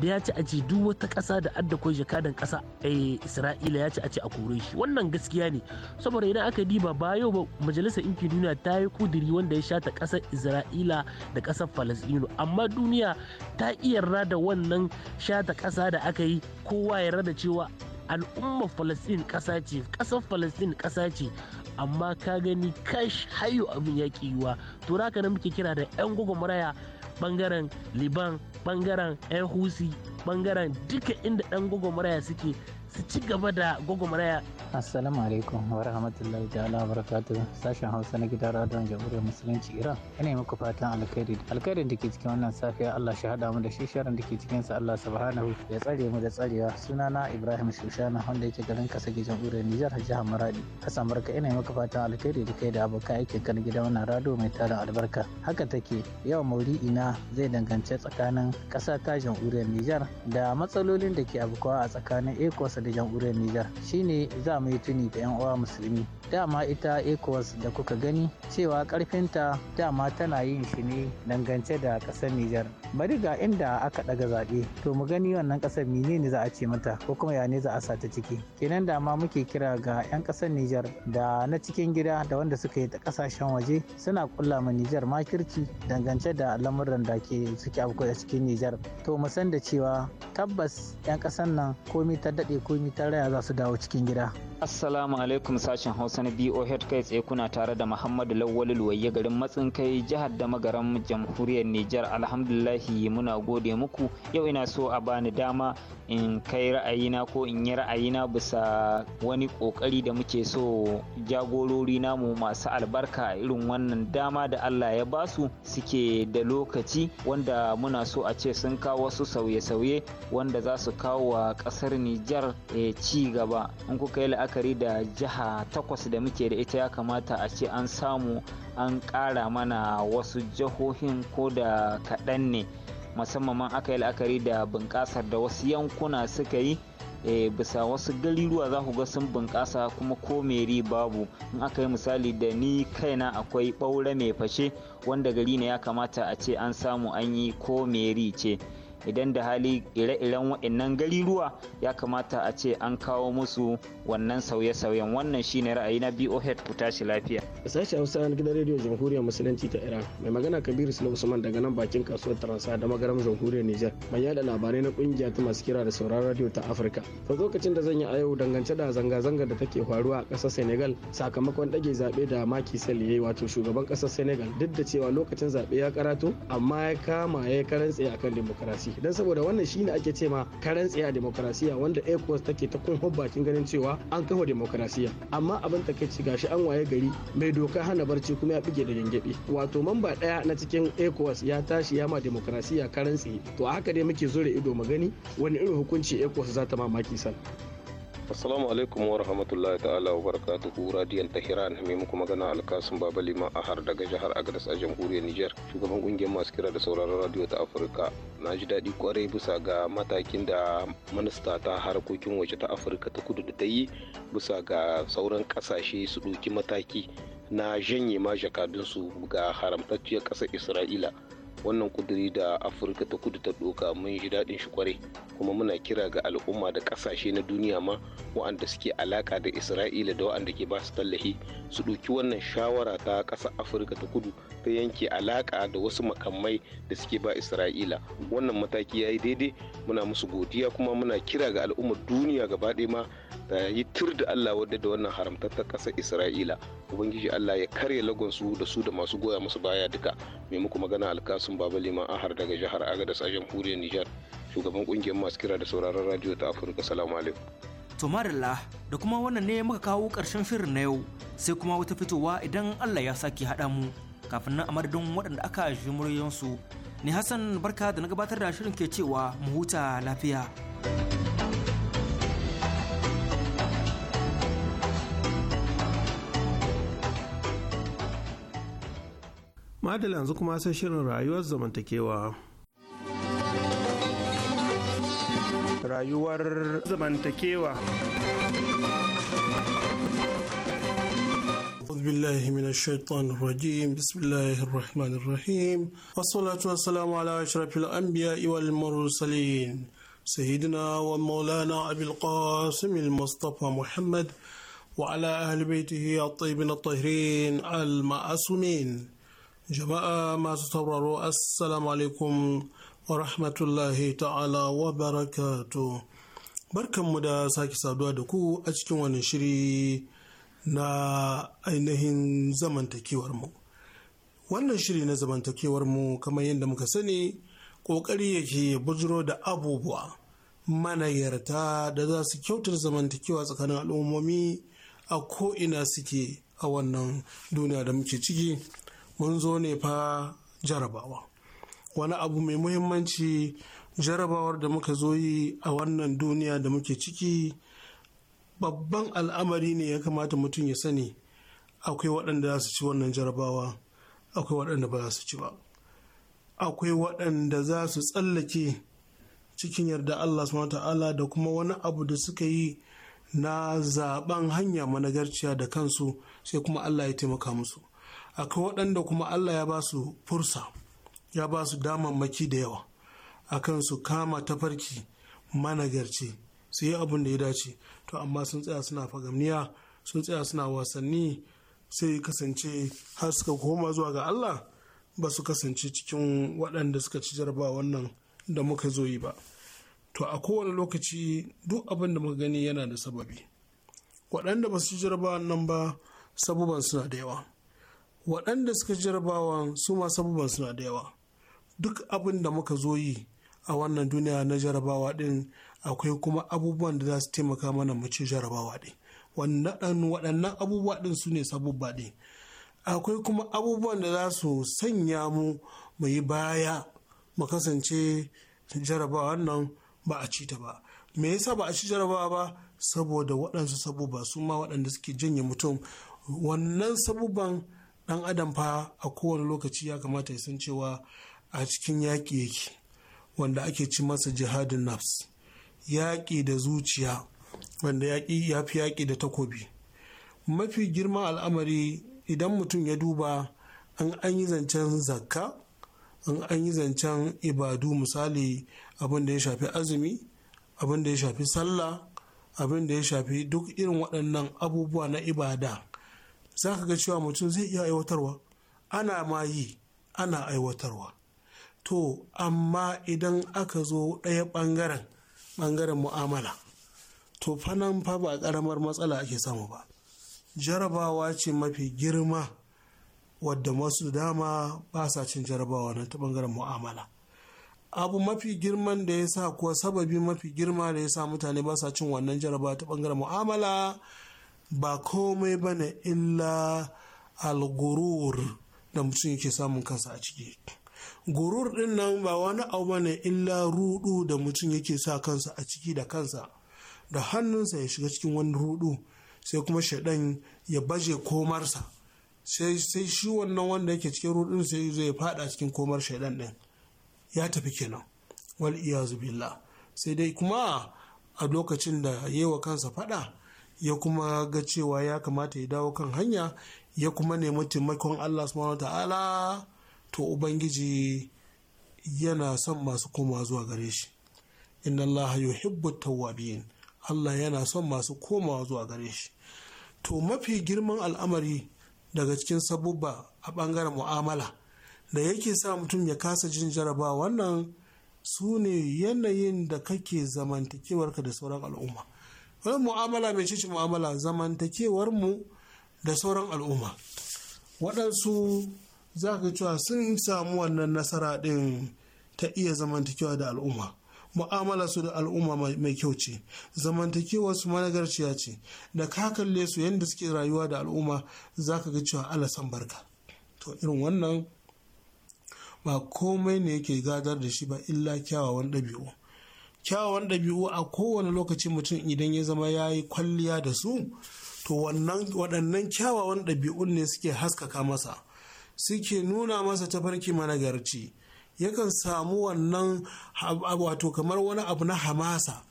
da ya ci a ce duk wata ƙasa da adda ko jakadan ƙasa eh, isra'ila ya ci a ce a kore shi wannan gaskiya ne saboda idan aka diba ba yau ba majalisar ɗinkin duniya ta yi kudiri wanda ya sha ta ƙasar isra'ila da ƙasar falasɗinu amma duniya ta iya rada wannan sha ta ƙasa da aka yi kowa ya rada cewa al'ummar falastin ƙasa ce ƙasar falastin ƙasa ce amma ka gani kash hayo abin ya kiwa to haka nan muke kira da 'yan gwagwarmaya bangaren liban bangaren 'yan husi bangaren duka inda 'yan gwagwarmaya suke su ci gaba da maraya Assalamu alaikum wa rahmatullahi ta'ala wa barakatuhu sashen Hausa na gidan radon jamhuriyar musulunci Iran. Ina muku fatan alkhairi. Alkhairin da ke cikin wannan safiya Allah shi haɗa mu da shi sharan da ke cikin sa Allah subhanahu ya tsare mu da tsarewa. Sunana Ibrahim Shushana wanda yake garin Kasage jamhuriyar Nijar jihar Maradi. Kasa barka ina muku fatan alkhairi da kai da abokan aikin kan gidan wannan rado mai tarin albarka. Haka take yau mauri na zai dangance tsakanin kasa ta jamhuriyar Nijar da matsalolin da ke abukawa a tsakanin ECOWAS da jamhuriyar Nijar shine za mu yi tuni da 'yan uwa musulmi dama ita ecowas da kuka gani cewa karfinta dama tana yin shi ne dangance da kasar nijar bari ga inda aka daga zaɓe to mu gani wannan kasar mine ne za a ce mata ko kuma ya ne za a sata ciki kenan dama muke kira ga 'yan kasar nijar da na cikin gida da wanda suka yi ta kasashen waje suna kulla ma nijar makirci dangance da lamuran da ke suke abu a cikin nijar to mu san da cewa tabbas 'yan kasar nan komi ta daɗe komi ta raya za su dawo cikin gida assalamu alaikum sashen hausa Hausa BOH kai tsaye kuna tare da Muhammadu Lawal Luwayye garin matsin kai jihar magaran jamhuriyar Nijar alhamdulillahi muna gode muku yau ina so a bani dama in kai ra'ayina ko in yi ra'ayi na bisa wani kokari da muke so jagorori namu masu albarka irin wannan dama da Allah ya basu suke da lokaci wanda muna so a ce sun kawo wasu sauye-sauye wanda za su kawo wa kasar Nijar eh, ci gaba in kuka yi la'akari da jiha takwas Legas da muke da ita ya kamata a ce an samu an ƙara mana wasu jihohin ko da kaɗan ne musamman aka yi la'akari da bunƙasar da wasu yankuna suka yi e, bisa wasu garuruwa za ku ga sun bunƙasa kuma ko meri babu in aka yi misali da ni kaina akwai ɓaure mai fashe wanda gari ne ya kamata a ce an samu an yi ko meri ce idan da hali ire-iren waɗannan gariruwa ya kamata a ce an kawo musu wannan sauye-sauyen wannan shine ra'ayi na BOH ku tashi lafiya. sashi Hausa na gidan rediyo Jamhuriyar Musulunci ta Iran mai magana Kabiru Sule Usman daga nan bakin kasuwar Taransa da magaram Jamhuriyar niger mai yada labarai na kungiya ta masu kira da sauraron radio ta Afirka. To lokacin da zan yi a yau dangance da zanga zanga da take faruwa a ƙasar Senegal sakamakon ɗage zaɓe da Macky Sall yayi wato shugaban ƙasar Senegal duk da cewa lokacin zaɓe ya karato amma ya kama ya karantse akan demokrasi don saboda wannan shine ake ce ma karen tsaye a demokrasiya wanda ECOWAS take ta kun bakin ganin cewa an kafa demokrasiya amma abin takaici gashi an waye gari mai doka hana barci kuma ya bige da gyangyaɗe wato mamba daya na cikin ECOWAS ya tashi ya ma demokrasiya karen tsaye to a haka dai muke da ido mu gani wani irin hukunci ECOWAS za ta mamaki san Assalamu alaikum wa rahmatullahi ta'ala wa barakatuhu radiyan Tahiran mai muku magana alkasun Baba a har daga jihar Agadas a jamhuriyar Nijar shugaban kungiyar masu kira da sauraron radio ta Afirka na ji daɗi kwarai bisa ga matakin da minista ta harkokin waje ta Afirka ta kudu da ta yi bisa ga sauran ƙasashe su ɗauki mataki na janye ma jakadunsu ga haramtacciyar ƙasar Isra'ila wannan kuduri da afirka ta kudu ta doka mun ji daɗin shi kwarai kuma muna kira ga al'umma da ƙasashe na duniya ma waɗanda suke alaƙa da isra'ila da waɗanda ke ba su tallahi su ɗauki wannan shawara ta ƙasar afirka ta kudu ta yanke alaƙa da wasu makamai da suke ba isra'ila wannan mataki ya yi daidai muna musu godiya kuma muna kira ga al'ummar duniya gaba ɗaya ma ta yi tur da allah wadda da wannan haramtattar ƙasar isra'ila ubangiji allah ya karya lagonsu da su da masu goya musu baya duka mai muku magana alkasu Ibrahim Baba Ahar daga jihar Agadas a jamhuriyar Nijar shugaban kungiyar masu kira da sauraron radio ta Afirka salamu alaikum. To marilla da kuma wannan ne muka kawo karshen shirin na yau sai kuma wata fitowa idan Allah ya sake haɗa mu kafin nan a madadin waɗanda aka ji su Ni Hassan barka da na gabatar da shirin ke cewa mu huta lafiya. madala yanzu kuma sai shirin rayuwar zamantakewa rayuwar zamantakewa بالله من الشيطان الرجيم بسم الله الرحمن الرحيم والصلاة والسلام على أشرف الأنبياء والمرسلين سيدنا ومولانا أبي القاسم المصطفى محمد وعلى أهل بيته الطيبين الطاهرين المعصومين Jama'a masu sauraro Assalamu alaikum wa rahmatullahi ta'ala wa barakatu. Barkanmu da sake saduwa da ku a cikin wani shiri na ainihin zamantakewarmu. Wannan shiri na zamantakewar mu kamar yadda muka sani ƙoƙari yake bujiro da abubuwa manayarta da za su kyautar zamantakewa tsakanin al'ummomi a ko'ina suke a wannan duniya da muke ciki. mun zo ne fa jarabawa wani abu mai muhimmanci jarabawar da muka zo yi a wannan duniya da muke ciki babban al'amari ne ya kamata mutum ya sani akwai waɗanda za su ci wannan jarabawa akwai waɗanda ba za su ci ba akwai waɗanda za su tsallake cikin yarda Allah subhanahu ta'ala da kuma wani abu da suka yi na zaben hanya managarciya da kansu sai kuma Allah ya taimaka musu akwai waɗanda kuma Allah ya ba su fursa ya ba su damammaki da yawa akan su kama tafarki managarci su yi abin da ya dace to amma sun tsaya suna fagamniya sun tsaya suna wasanni sai kasance har suka koma zuwa ga Allah ba su kasance cikin waɗanda suka ci jarba wannan da muka zo yi ba to a kowane lokaci duk abin da muka gani yana da sababi waɗanda ba su ci jarba nan ba sabuban suna da yawa waɗanda suka jarabawa su ma abubuwan suna da yawa duk abin da muka zo yi a wannan duniya na jarabawa ɗin akwai kuma abubuwan da za su taimaka mana mu ci jarabawa ɗin waɗannan abubuwa ɗin su ne sabubba ɗin akwai kuma abubuwan da za su sanya mu mu yi baya mu kasance jarabawa nan ba a ci ta ba me yasa ba a ci jarabawa ba saboda waɗansu sabubba su ma waɗanda suke janye mutum wannan sabubban dan adam fa a kowane lokaci ya kamata ya san cewa a cikin yaƙi yake wanda ake ci masa jihadin nafs yaƙi da zuciya wanda yaƙi ya fi yaƙi da takobi mafi girman al'amari idan mutum ya duba an an yi zancen zakka an an yi zancen ibadu misali abin da ya shafi azumi abin da ya shafi sallah abin da ya shafi duk irin waɗannan abubuwa na ibada za ka ga cewa mutum zai iya aiwatarwa ana ma yi ana aiwatarwa to amma idan aka zo ɗaya ɓangaren ɓangaren mu'amala to fanan fa ba ƙaramar matsala ake samu ba jarabawa ce mafi girma wadda masu dama ba sa cin jarabawa na ta ɓangaren mu'amala abu mafi girman da ya sa kuwa sababi mafi girma da ya sa mutane ba sa cin wannan jarabawa ta ɓangaren mu'amala ba komai ba ne illa algurur da mutum yake samun kansa a ciki gurur din nan ba wani abu ba ne illa rudu da mutum yake sa kansa a ciki da kansa da hannunsa ya shiga cikin wani rudu sai kuma shaɗan ya baje komarsa sai shi wannan wanda yake cikin rudun sai zai fada cikin komar shaidan din ya tafi kenan wal iyazu billah sai dai kuma a lokacin da yewa kansa fada ya kuma ga cewa ya kamata ya dawo kan hanya ya kuma nemi taimakon Allah subhanahu ta'ala to ubangiji yana son masu koma zuwa gare shi inna Allah yuhibbu tawwabin Allah yana son masu koma zuwa gare shi to mafi girman al'amari daga cikin sabubba a bangaren mu'amala da yake sa mutum ya kasa jin jaraba wannan su ne yanayin da kake zamantakewarka da sauran al'umma wani mu'amala mai cici mu'amala zamantakewar mu da sauran al'umma waɗansu za ka cewa sun samu wannan nasara ɗin ta iya zamantakewa da al'umma mu'amala su da al'umma mai kyau ce zamantakewar su managarciya ce da ka kalle su yadda suke rayuwa da al'umma za ka ga cewa Allah san barka to irin wannan ba komai ne yake gadar da shi ba illa kyawawan ɗabi'u kyawawan ɗabi'u a kowane lokaci mutum idan ya zama ya yi kwalliya da su to waɗannan kyawawan ɗabi'un ne suke haskaka masa suke nuna masa ta tafarki managarci yakan samu wannan wato kamar wani abu na hamasa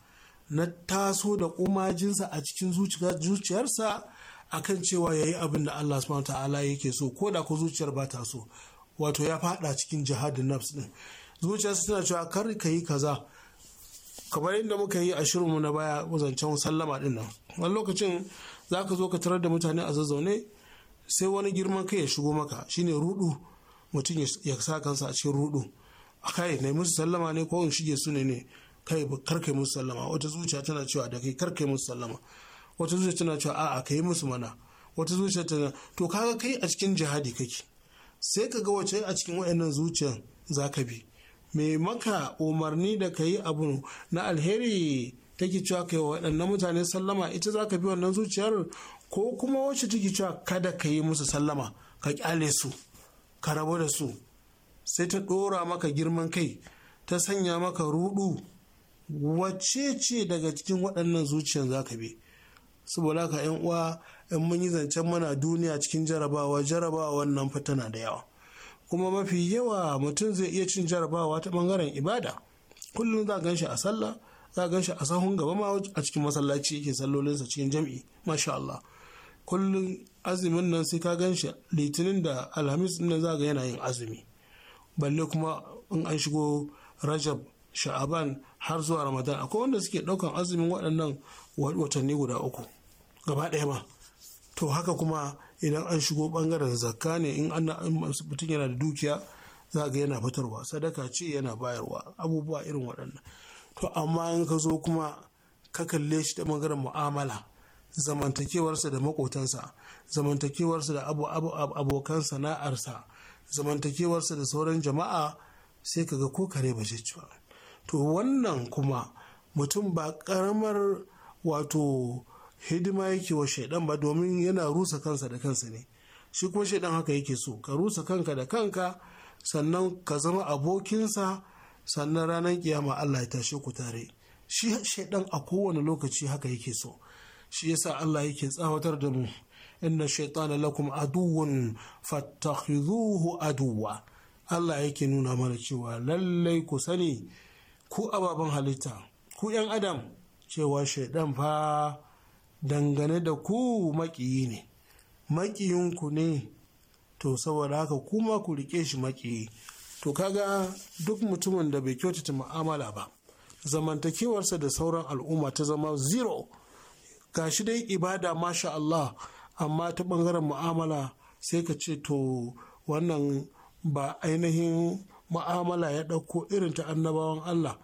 na taso da umajinsa a cikin zuciyarsa akan cewa ya yi abin da Allah subhanahu ta'ala yake so ko da ko zuciyar ba ta so wato ya fada cikin jihadin nafs din zuciyarsa tana cewa kar ka yi kaza kamar yadda muka yi a shirinmu na baya zancen sallama din nan wani lokacin za ka zo ka tarar da mutane a zazzaune sai wani girman kai ya shigo maka shine rudu mutum ya sa kansa a cikin rudu a kai na musu sallama ne ko in shige su ne ne kai karka musu sallama wata zuciya tana cewa da kai karka musu sallama wata zuciya tana cewa a'a kai musu mana wata zuciya tana to kaga kai a cikin jihadi kake sai ka ga wace a cikin wayannan zuciyan zaka bi mai maka umarni da ka yi abu na alheri take cewa ka yi waɗannan mutane sallama ita za ka bi wannan zuciyar ko kuma wacce take cewa kada ka yi musu sallama ka kyale su ka rabu da su sai ta ɗora maka girman kai ta sanya maka rudu wacce ce daga cikin waɗannan zuciyar za ka bi saboda haka 'yan uwa in mun yi zancen mana duniya cikin jarabawa jarabawa wannan fa da yawa kuma mafi yawa mutum zai iya cin jarabawa ta bangaren ibada kullum za gan shi a sallah za gan shi a sahun gaba ma a cikin masallaci yake sallolinsa cikin jam'i masha Allah kullum azumin nan sai ka gan shi litinin da alhamis nan za ga yana yin azumi balle kuma in an shigo rajab sha'aban har zuwa ramadan akwai wanda suke daukan azumin waɗannan watanni guda uku gaba ɗaya ma to haka kuma idan an shigo bangaren zakka ne in an mutum yana da dukiya za ga yana fitarwa sadaka ce yana bayarwa abubuwa irin waɗannan to amma in ka zo kuma ka kalle shi ta bangaren mu'amala zamantakewarsa da makotansa zamantakewarsa da abokan sana'arsa zamantakewarsa da sauran jama'a sai ka ga ko kare ba to wannan kuma mutum ba karamar wato hidima yake wa shaidan ba domin yana rusa kansa da kansa ne shi kuma shaidan haka yake so ka rusa kanka da kanka sannan ka zama abokinsa sannan ranar kiyama Allah ya tashe ku tare shi shaidan a kowane lokaci haka yake so shi yasa Allah yake tsawatar da mu inna shaitana lakum aduwwun fattakhidhuhu aduwa Allah yake nuna mana cewa lallai ku sani ku ababen halitta ku 'yan adam cewa shaidan fa dangane da ku maƙiyi ne maƙiyinku ne to saboda haka kuma ku riƙe shi maƙiyi to kaga duk mutumin da bai kyautata mu'amala ba zamantakewarsa da sauran al'umma ta zama zero ga shi dai ibada masha Allah amma ta ɓangaren mu'amala sai ka ce to wannan ba ainihin mu'amala ya ɗauko irin ta annabawan Allah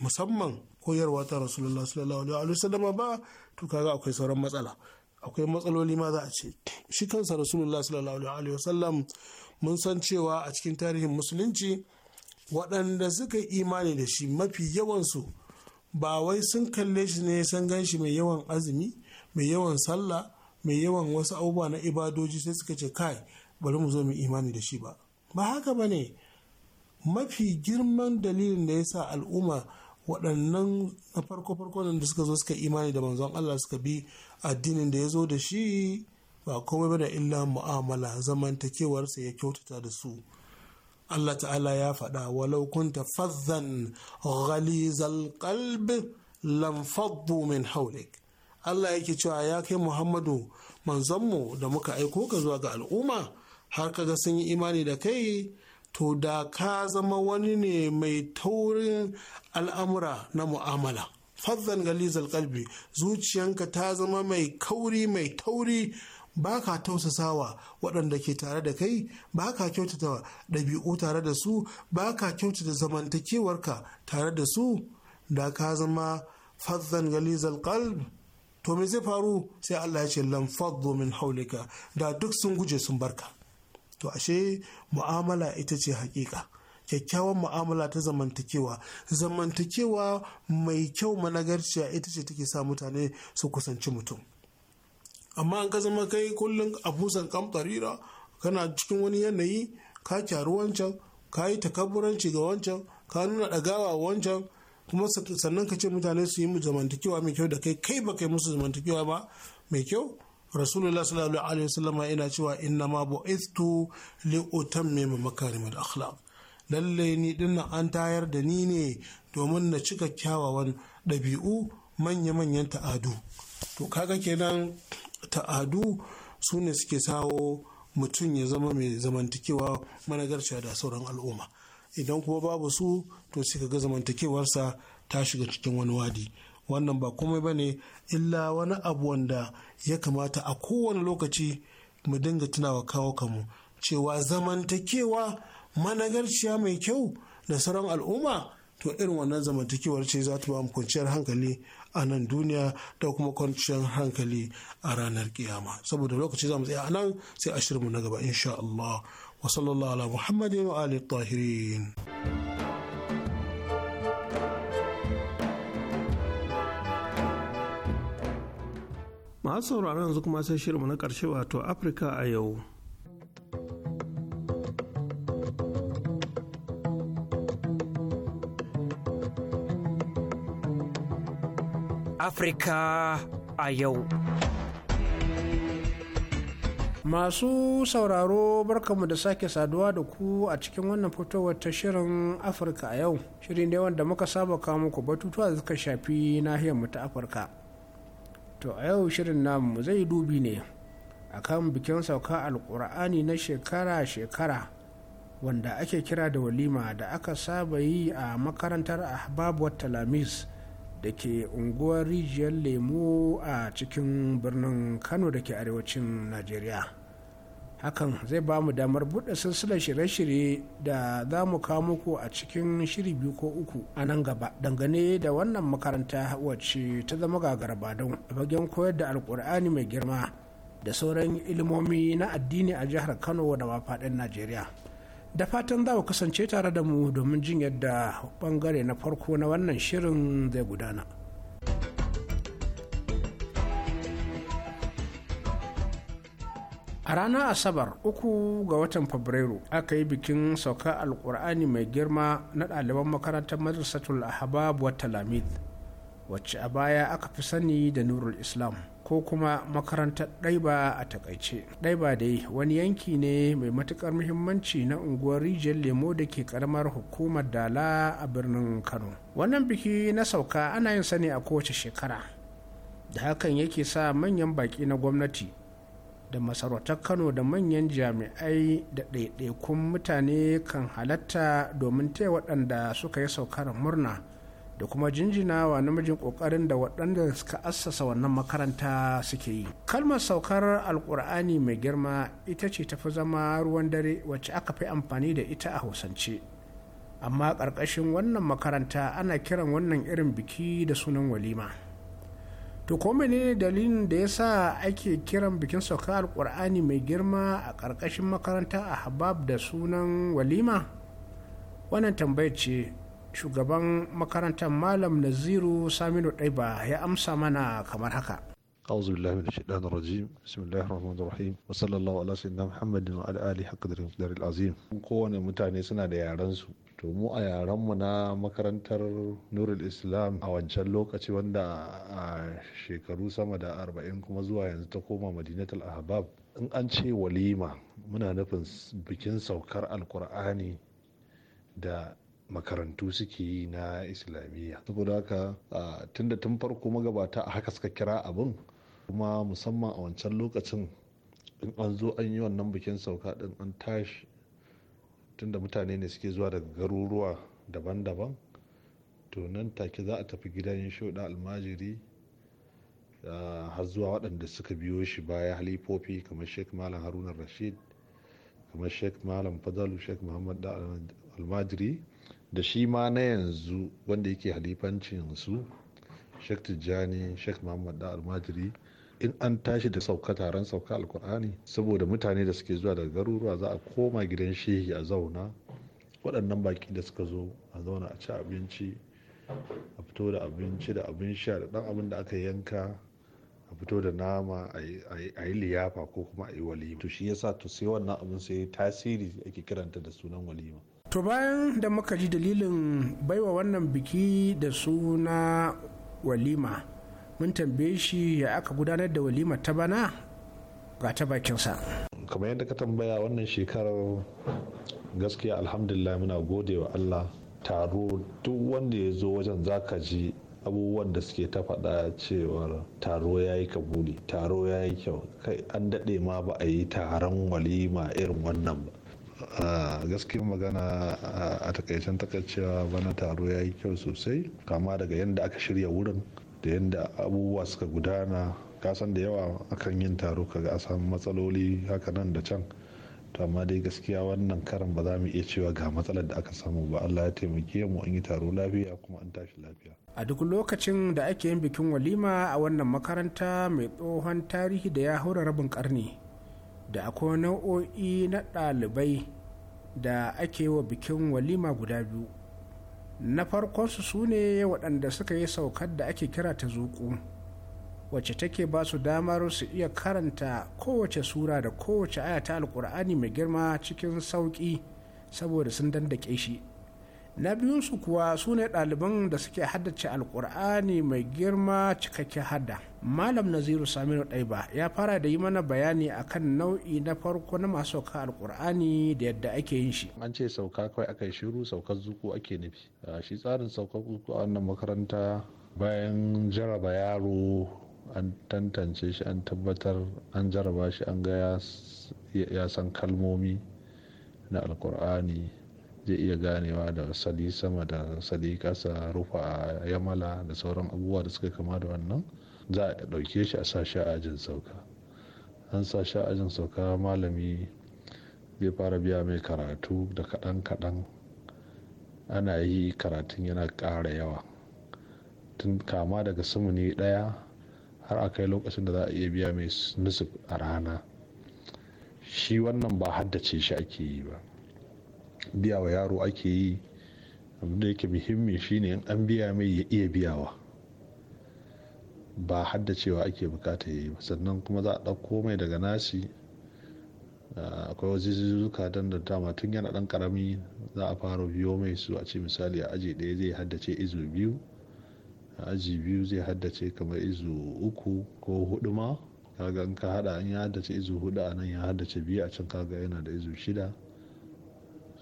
musamman koyarwa ta rasulullah sallallahu alaihi wa sallam ba to kaga akwai sauran matsala akwai matsaloli ma za a ce shi kansa rasulullah sallallahu alaihi wa sallam mun san cewa a cikin tarihin musulunci waɗanda suka yi imani da shi mafi yawansu ba wai sun kalle shi ne san gan shi mai yawan azumi mai yawan sallah mai yawan wasu abubuwa na ibadoji sai suka ce kai bari mu zo mu imani da shi ba ba haka ba ne mafi girman dalilin da ya sa al'umma waɗannan na farko-farko da suka zo suka imani da manzon Allah suka bi addinin da ya zo da shi ba komai ba da illa mu'amala zamantakewarsa ya kyautata da su Allah ta'ala ya faɗa walau kunta fazzan ghalizal qalb lam min haulik Allah yake cewa ya kai Muhammadu manzonmu da muka aiko ka zuwa ga al'umma har kaga sun yi imani da kai to da ka zama wani ne mai taurin al'amura na mu'amala fazzan galizal kalbi zuciyanka ta zama mai kauri mai tauri ba ka tausasawa waɗanda ke tare da kai ba ka kyautata ɗabi'u tare da su ba ka kyautata zamantakewarka tare da su da ka zama fazzan galizal kalbi to me zai faru sai allah ya ce lamfaddo min haulika da duk sun guje sun barka to ashe mu'amala ita ce hakika kyakkyawan mu'amala ta zamantakewa zamantakewa mai kyau managarciya ita ce take sa mutane su kusanci mutum amma an ka zama kai kullum a busan kamtarira kana cikin wani yanayi ka kyaru wancan ka yi takaburanci ga wancan ka nuna ɗagawa wancan kuma sannan ka ce mutane su yi mu zamantakewa mai kyau da kai kai ba kai musu zamantakewa ba mai kyau rasulullah sallallahu alaihi wasallama ina cewa inna ma bu'ithtu li utammima makarimul akhlaq lalle ni dinna an tayar da ni ne domin na cika kyawawan dabi'u manya-manyan ta'adu to kaga kenan ta'adu sune suke sawo mutum ya zama mai zamantakewa managarciya da sauran al'umma idan kuma babu su to sai ga zamantakewarsa ta shiga cikin wani wadi wannan ba komai ba ne illa wani abu wanda ya kamata a kowane lokaci mu dinga tunawa kawo kamu cewa zamantakewa managarciya mai kyau da sauran al'umma to irin wannan zamantakewar ce za ta ba mu kwanciyar hankali a nan duniya da kuma kwanciyar hankali a ranar kiyama saboda lokaci za mu tsaya a nan sai a shirinmu na gaba insha Allah wa sallallahu ala muhammadin wa alihi tahirin masu sauraron yanzu kuma sai shirinmu na ƙarshe wato afirka a yau afirka a yau masu sauraro barkamu da sake saduwa da ku a cikin wannan fitowar ta shirin afirka a yau shirin ne wanda muka saba kawo muku batutuwa da suka shafi nahiyar mu ta afirka to a yau shirin namu zai dubi ne akan bikin sauka alkur'ani na shekara-shekara wanda ake kira da walima da aka saba yi a makarantar ahbab talamis da ke unguwar rijiyar lemo a cikin birnin kano da ke arewacin najeriya hakan zai ba mu damar buɗe silsilar shirye-shirye da za mu kawo muku a cikin shiri biyu ko uku a nan gaba dangane da wannan makaranta wacce ta zama gagaraba don a fagen koyar da alkur'ani mai girma da sauran ilimomi na addini a jihar kano da mafaɗin najeriya da fatan za ku kasance tare da mu domin jin yadda bangare na farko na wannan shirin zai gudana. a ranar asabar uku ga watan fabrairu aka yi bikin sauka alkur'ani mai girma na ɗaliban makarantar madrasatul ahbab wa talamid wacce a baya aka fi sani da nurul islam ko kuma makarantar ɗaiba a takaice ɗaiba dai wani yanki ne mai matuƙar muhimmanci na unguwar rijiyar lemo da ke karamar hukumar dala a birnin kano wannan biki na sauka ana yin sani a kowace shekara da hakan yake sa manyan baƙi na gwamnati da masarautar kano da manyan jami'ai da ɗaiɗaikun mutane kan halatta domin taya waɗanda suka yi saukar murna da kuma jinjina wa namijin ƙoƙarin da waɗanda suka assasa wannan makaranta suke yi kalmar saukar alƙur'ani mai girma ita ce tafi zama ruwan dare wacce aka fi amfani da ita a hausance amma ƙarƙashin wannan makaranta ana kiran wannan irin biki da sunan walima. to ko ne dalilin da ya sa ake kiran bikin sauka alkur'ani mai girma a ƙarƙashin makaranta a habab da sunan walima wannan tambayar ce shugaban makarantar malam naziru saminu ɗaiba ya amsa mana kamar haka أعوذ بالله من الشيطان الرجيم بسم الله الرحمن الرحيم وصلى الله على سيدنا محمد وعلى آله حق قدر العظيم kowane mutane suna da yaran su to mu a yarenmu na makarantar nurul islam a wancan lokaci wanda a shekaru sama da arba'in kuma zuwa yanzu ta koma madinatul ahbab in an ce walima muna nufin bikin saukar alkur'ani da makarantu suke yi na islamiyya saboda haka tun da tun farko magabata a haka suka kira abin kuma musamman a wancan lokacin in an zo an yi wannan bikin sauka din an tashi tunda mutane ne suke zuwa daga garuruwa daban-daban to nan take za a tafi gidan shoda almajiri har zuwa waɗanda suka biyo shi baya halifofi kamar sheik malam haruna rashid kamar sheik malam fadalu sheik muhammad almajiri da shi ma na yanzu wanda yake halifancin su sheik tijjani sheik muhammad almajiri in an tashi da sauka taron sauka alkur'ani saboda mutane da suke zuwa daga garuruwa za a koma gidan shehi a zauna waɗannan baki da suka zo a zauna a ci abinci a fito da abinci da abin sha da ɗan abin da aka yanka a fito da nama a yi liyafa ko kuma a yi walima to shi yasa to sai wannan abin sai tasiri ake kiranta da sunan walima to bayan da muka ji dalilin baiwa wannan biki da suna walima mun tambaye shi ya aka gudanar da walimar ta bana ga ta bakinsa kamar yadda ka tambaya wannan shekarar gaskiya alhamdulillah muna gode wa allah taro duk wanda ya zo wajen zaka ji abubuwan da suke ta faɗa cewar taro ya yi kabuli taro ya yi kyau kai an daɗe ma ba a yi taron walima irin wannan ba gaskiyar magana a takaicen takaicewa bana taro ya yi kyau sosai kama daga yadda aka shirya wurin da yadda abubuwa suka gudana kasan da yawa akan yin taro kaga a samu matsaloli haka nan da can to amma dai gaskiya wannan karan ba za mu iya cewa ga matsalar da aka samu ba Allah ya taimake mu an yi taro lafiya kuma an tashi lafiya a duk lokacin da ake yin bikin walima a wannan makaranta mai tsohon tarihi da ya haura rabin karni da akwai nau'o'i na ɗalibai da ake yi wa bikin walima guda biyu na farkonsu su ne waɗanda suka yi saukar da ake kira ta zuƙu wacce take ba su damar su iya karanta kowace sura da kowace aya ta alkur'ani mai girma cikin sauƙi saboda sun dandake shi na biyunsu kuwa su ne ɗaliban da suke haddace alkur'ani mai girma cikakken hadda malam naziru saminu ɗaiba ya fara da yi mana bayani akan nau'i na farko na masu sauka alkur'ani da yadda ake yin shi an ce sauka kawai aka yi shiru saukar zuku ake nufi shi tsarin saukar zuku a wannan makaranta bayan jaraba yaro an tantance shi an tabbatar an jaraba shi an ga ya san kalmomi na alkur'ani zai iya ganewa da sali sama da sali ƙasa rufa a yamala da sauran abubuwa da suka kama da wannan za a ɗauke shi a sa ajin sauka an sa ajin sauka malami zai fara biya mai karatu da kaɗan kaɗan ana yi karatun yana ƙara yawa tun kama daga samuni ɗaya har a kai lokacin da za a iya biya mai nusuf a rana shi wannan ba haddace shi ake yi ba biya wa yaro ake yi abinda yake muhimmi shine in an biya mai ya iya biyawa ba haddacewa ake bukata ya yi ba sannan kuma za a ɗauko mai daga nasi. Ah, akwai wasu zuzuka don da dama tun yana ɗan ƙarami za a fara biyo mai su a ce misali a aji ɗaya zai haddace izu biyu a aji biyu zai haddace kamar izu uku ko hudu ma kaga in ka hada an ya haddace izu hudu a nan ya haddace biyu a can kaga yana da izu shida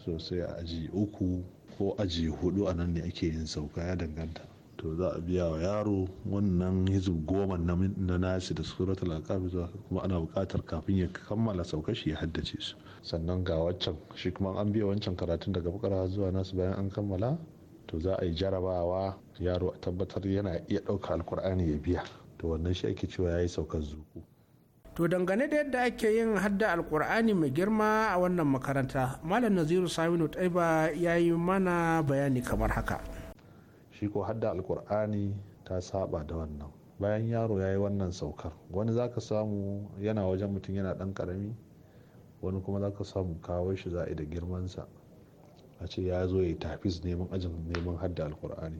so sai a aji uku ko aji hudu a nan ne ake yin sauka ya danganta to za a biya wa yaro wannan hizib goma na nasi da suratul zuwa kuma ana bukatar kafin ya kammala sauka shi ya haddace su sannan ga waccan shi kuma an biya wancan karatun daga bukara zuwa nasu bayan an kammala to za a yi jarabawa yaro a tabbatar yana iya ɗauka alkur'ani ya biya to wannan shi ake cewa ya yi saukar zuku to dangane da yadda ake yin hadda alkur'ani mai girma a wannan makaranta malam naziru saminu taiba ya yi mana bayani kamar haka shi ko hadda alkur'ani ta saba da wannan bayan yaro ya yi wannan saukar wani za ka samu yana wajen mutum yana ɗan karami wani kuma za ka samu kawo shi za'i da girmansa a ce ya zo ya yi tafis neman ajin neman hadda alkur'ani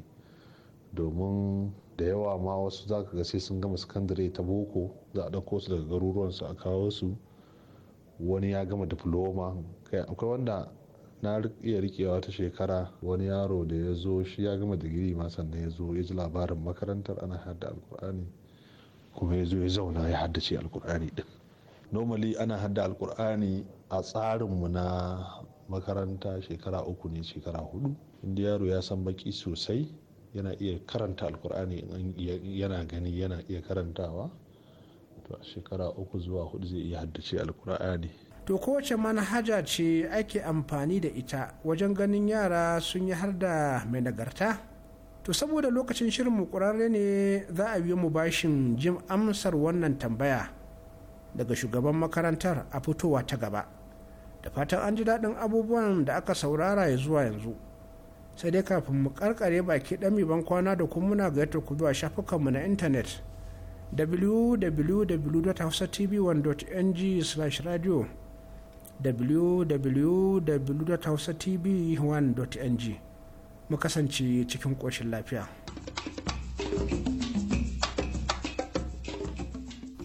domin da yawa ma wasu za ka ga sai sun gama sakandare ta boko za a ɗauko su daga garuruwan su a kawo su wani ya gama diploma kai akwai wanda na iya rikewa ta shekara wani yaro da ya zo shi ya gama digiri ma sannan ya zo ya ji labarin makarantar ana hada alkur'ani kuma ya zo ya zauna ya haddace alkur'ani din normally ana hada alkur'ani a tsarinmu na makaranta shekara uku ne shekara hudu inda yaro ya san baki sosai yana iya karanta alkur'ani yana gani yana iya karantawa to a shekara uku zuwa hudu zai iya haddace alkur'ani to kowace manhaja ce ake amfani da ita wajen ganin yara sun yi har da mai nagarta to saboda lokacin shirin mu kurare ne za a biyo mu bashin jin amsar wannan tambaya daga shugaban makarantar a fitowa ta gaba da fatan an ji daɗin abubuwan da aka saurara ya zuwa yanzu sai dai kafin mu karkare baki dami ban kwana da kuma muna gayyata ku zuwa shafukanmu na intanet www.hausatv1.ng/radio www.hausatv1.ng mu kasance cikin ƙoshin lafiya.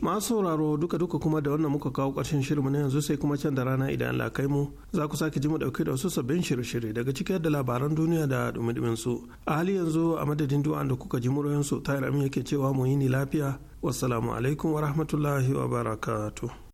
masu sauraro duka-duka kuma da wannan muka kawo ƙarshen shirinmu na yanzu sai kuma can da rana idan Allah kai mu za ku sake ji mu dauke da wasu sabbin shirye-shirye daga cikin da labaran duniya da dumi su a hali yanzu a madadin du'an da kuka ji muryoyin su tayar amin yake cewa mu yi ni lafiya wassalamu alaikum wa rahmatullahi wa barakatuh